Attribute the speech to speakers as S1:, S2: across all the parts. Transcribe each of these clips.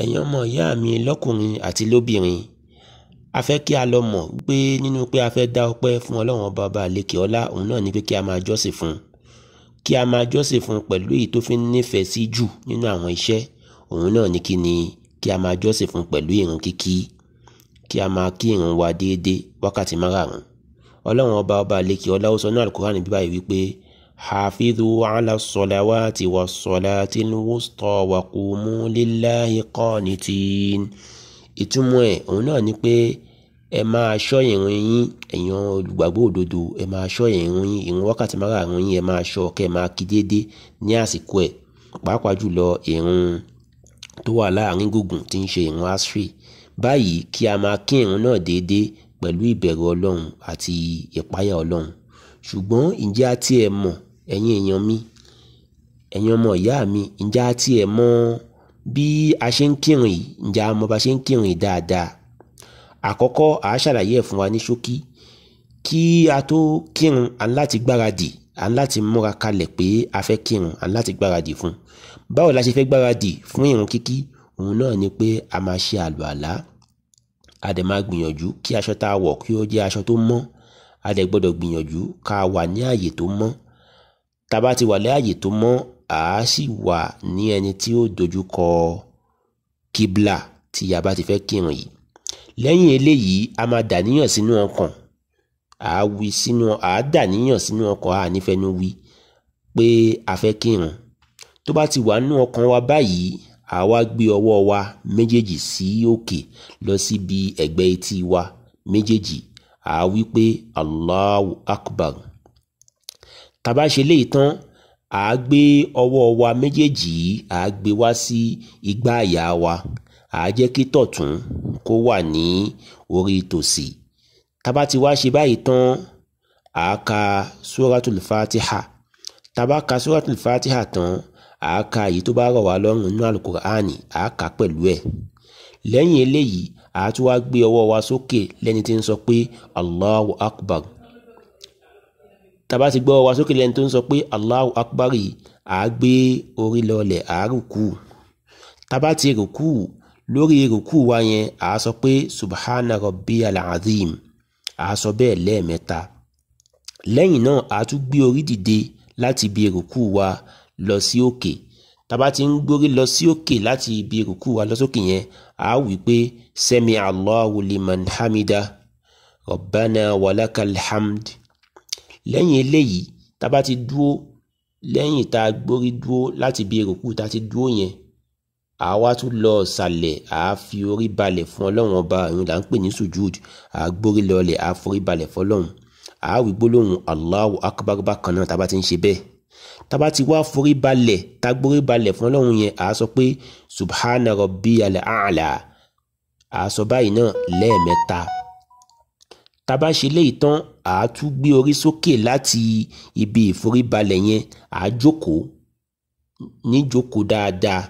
S1: ẹ̀yin ọmọ ìyá mi lọ́kùnrin àti lóbìnrin a fẹ́ kí a lọ mọ̀ pé nínú pé a fẹ́ dá ọpẹ́ fún ọlọ́run ọba ọba àlekè ọlá òun náà ni pé kí a máa jọ́sìn fún un kí a máa jọ́sìn fún un pẹ̀lú èyí tó fi ń nífẹ̀ẹ́ sí jù nínú àwọn iṣẹ́ òun náà ni kí ni kí a máa jọ́sìn fún un pẹ̀lú ìrun kíkí kí a máa kí ìrun wa déédéé wákàtí márààrún ọlọ́run ọba ọba àlekè ọlá ó sọ náà al níbí báyìí wípé حافظوا على الصلوات والصلاة الوسطى وقوموا لله قانتين ìtumọ̀ ẹ̀ òun náà ni pé ẹ máa ṣọ́ ìrun yín ẹ̀yàn olùgbàgbọ́ òdodo ẹ máa ṣọ́ ìrun yín ìrun wákàtí márààrún yín ẹ máa ṣọ́ kẹ́ ẹ máa kí déédéé ní àsìkò ẹ̀ pàápàá jùlọ ìrun tó wà láàrin gùngùn tí ń ṣe ìrun asri báyìí kí a máa kí ìrun náà déédéé pẹ̀lú ìbẹ̀rù ọlọ́run àti ìpáyà ọlọ́run ṣùgbọ́n ǹjẹ́ a tiẹ̀ mọ̀ ẹ̀yin èèyàn mi ẹ̀yin ọmọ ìyá mi ǹjẹ́ a tiẹ̀ mọ bí a ṣe ń kírun yìí ǹjẹ́ a mọ bá ṣe ń kírun yìí dáadáa àkọ́kọ́ à á ṣàlàyé ẹ̀ fún wa ní ṣókí kí a tó kírun a ń láti gbáradì a ń láti múra kalẹ̀ pé a fẹ́ kírun a ń láti gbáradì fún báwo la ṣe fẹ́ gbáradì fún ìrun kíkí òun náà ni pé a máa ṣe àlùàlá a dẹ̀ máa gbìyànjú kí aṣọ tá a wọ̀ kí ó jẹ́ aṣọ tó mọ́ a dẹ̀ gbọ́dọ̀ gbìyànjú ká wà ní àyè tó mọ́ tá a bá ti wà láàyè tó mọ́ a sì wà ní ẹni tí ó dojú kọ kíbla tí a bá ti fẹ́ kírun yìí lẹ́yìn eléyìí a máa dàníyàn sínú ọkàn a wí sínú a dàníyàn sínú ọkàn a nífẹ̀ẹ́nu wí pé a fẹ́ kírun tó bá ti wà nínú ọkàn wa báyìí a wá gbé ọwọ́ wa méjèèjì sí òkè lọ síbi ẹ̀gbẹ́ etí wa méjèèjì a wí pé Allahu Akbar tá a bá ṣe léyìí tán à á gbé ọwọ́ wa méjèèjì yìí à á gbé wá sí igbá àyà wa à á jẹ́ kí tọ̀tún kó wà ní orí tòsì tá ti wá ṣe báyìí tán à á ka suratul fatiha tá a bá ka suratul fatiha tán à á ka èyí tó bá rọ̀ wá lọ́rùn nínú alukur'ani à á kà á pẹ̀lú ẹ̀ lẹ́yìn eléyìí à á tún wá gbé ọwọ́ wa sókè lẹ́ni tí ń sọ pé allahu akbar tàbá ti gbọ́ wa sókè lẹ́ni tó ń sọ pé Allahu Akbar à gbé orí lọlẹ̀ à rùkú tàbá ti rùkú lórí rùkú wa yẹn à sọ pé subhana rabbiyal azim à sọ bẹ́ẹ̀ lẹ́ẹ̀mẹ́ta lẹ́yìn náà à tún gbé orí dìde láti ibi rùkú wa lọ sí òkè tàbá ti ń gbórí lọ sí òkè láti ibi rùkú wa lọ sókè yẹn à wí pé sami Allahu liman hamida rabbana walakal lẹ́yìn eléyìí tá a bá ti dúó lẹ́yìn tá a gbórí dúó láti bí èròkù tá a ti dúó yẹn àá tún lọ ṣàlẹ̀ àá orí balẹ̀ fún ọlọ́run ọba ìrun là ń pè ní sujud àá gbórí lọlẹ̀ àá forí balẹ̀ fọlọ́run àá wí gbólóhùn Allahu akbar bákan náà tá a bá ti ń ṣe bẹ́ẹ̀ tá ti wá forí balẹ̀ tá gbórí balẹ̀ fún ọlọ́run yẹn àá sọ pé subhana rabbiyal a'la àá sọ báyìí náà lẹ́ẹ̀mẹ́ta tá a bá ṣe léyìí tán à á tún gbé orí sókè láti ibi ìforíbalẹ̀ yẹn à á jókòó níjókòó dáadáa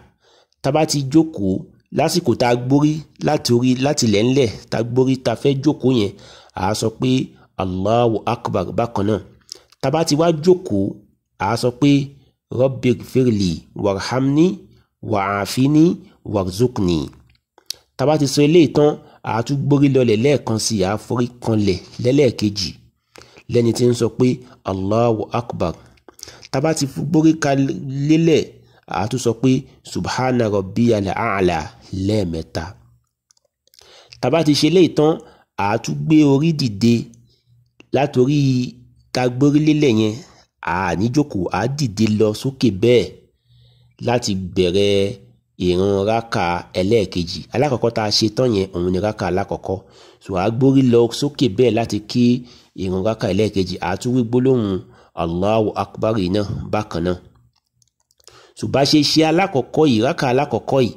S1: tá a bá ti jókòó lásìkò tá a gbórí láti orí láti ilẹ̀ ńlẹ̀ tá a gbórí tá a fẹ́ jókòó yẹn à á sọ pé Allahu Akbar bákan náà tá ti wá jókòó à á sọ pé Rabbi gfirli warhamni wàhánfínì wàrzukni tá ti sọ eléyìí tán àtúgbórí lọlẹ̀ lẹ́ẹ̀kan sí àforí kanlẹ̀ lẹ́lẹ́ẹ̀kejì lẹ́ni tí ń sọ pé allahu akbar tábà ti gbórí kalẹ̀ àtún pé subhana rabbiyal a'la lẹ́ẹ̀mẹ́ta tábà ti ṣe léyìí tán àtúgbé orí dìde látòrí ta gbórí lélẹ̀ yẹn àníjókòó àdìde lọ sókè bẹ́ẹ̀ láti bẹ̀rẹ̀ ìrun ráka ẹlẹ́ẹ̀kejì alákọ̀ọ́kọ́ tá a ṣe tán yẹn òun ni ráka alákọ̀ọ́kọ́ so a gbórí lọ sókè bẹ́ẹ̀ láti kí ìrun ráka ẹlẹ́ẹ̀kejì àtúwí gbólóhùn Allahu akbar náà bákan náà so bá ṣe ṣe alákọ̀ọ́kọ́ yìí ráka alákọ̀ọ́kọ́ yìí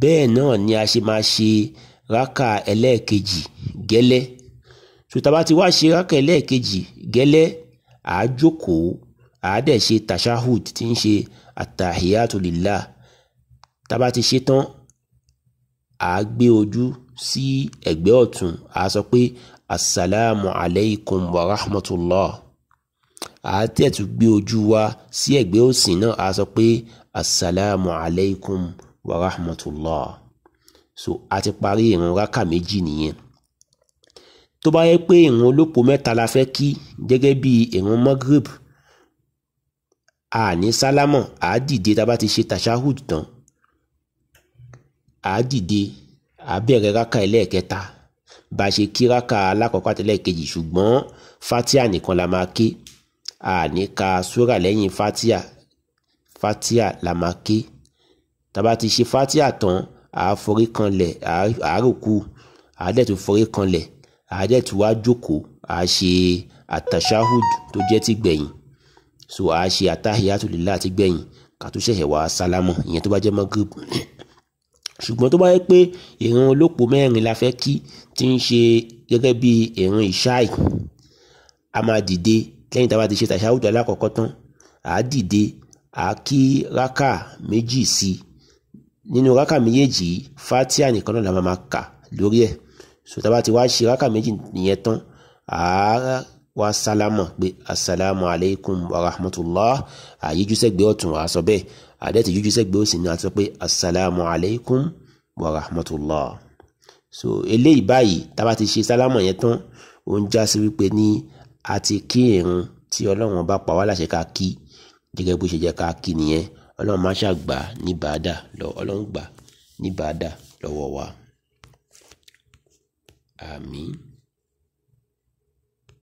S1: bẹ́ẹ̀ náà ni a ṣe máa ṣe ráka ẹlẹ́ẹ̀kejì gẹ́lẹ́ so tá a bá ti wá ṣe ráka ẹlẹ́ẹ̀kejì gẹ́lẹ́ àá jókòó àá dẹ̀ ṣe tashahud tí ń ṣe attahiyatu tá a bá ti ṣe tán à á gbé ojú sí ẹ̀gbẹ́ ọ̀tún à á sọ pé asalaamu alaykum wa rahmatulah à á tẹ̀tù gbé ojú wa sí ẹ̀gbẹ́ òsì náà à sọ pé asalaamu alaykum wa rahmatulah so a ti parí ìrun rákà méjì nìyẹn tó bá yẹ pé ìrun olópo mẹ́ta la fẹ́ kí gẹ́gẹ́ bí ìrun magrib a ní sálámọ̀ a dìde tá a bá ti ṣe tashahud tán a dìde a bẹ̀rẹ̀ rákà ẹlẹ́ẹ̀kẹta bá a ṣe kí rákà alákọ̀ọ́kọ́ àtẹlẹ́ẹ̀kejì ṣùgbọ́n fatia nìkan la máa ké a ní ka sóra lẹ́yìn fatia fatia la máa ké tàbá ti ṣe fatia tán a forí kanlẹ̀ a rùkú a dẹ̀ tún forí kanlẹ̀ a dẹ̀ tún wá jókòó a ṣe àtàṣáhùd tó jẹ́ ti gbẹ̀yìn so a ṣe àtàhíyàtò lílá àti gbẹ̀yìn ká tó ṣẹ̀ṣẹ̀ wá sálámọ̀ ìyẹn tó bá jẹ́ mọ́ ṣùgbọ́n tó bá yẹ pé ìrun olópò mẹ́rin la fẹ́ kí tí ń ṣe gẹ́gẹ́ bí ìrun ìṣáì a máa dìde lẹ́yìn tá a bá ti ṣe tàṣáwùdù alákọ̀ọ́kọ́ tán àá dìde àá kí rákà méjì sí i nínú rákà méjèèjì fatia nìkan náà la máa kà lórí ẹ̀ so tá a bá ti wá ṣe rákà méjì nìyẹn tán àá wá sálámà pé asalaamu alaykum wa rahmatulah àyíjú sẹ́gbẹ̀ẹ́ wa wàá sọ bẹ́ẹ̀ àdẹ́tì yíjú sẹ́gbẹ́ òsì ni a ti sọ pé asalaamu alaykum wa rahmatulah so eléyìí báyìí tábà ti ṣe sálámù yẹn tán ó ń já sí wípé ní a ti kí irun tí ọlọ́run bá pa wá láṣẹ ká kí gẹ́gẹ́ bó ṣe jẹ́ ká kí nìyẹn ọlọ́run má ṣàgbà ní bàádà lọ ọlọ́run gbà ní bàádà lọ́wọ́ wa àmín.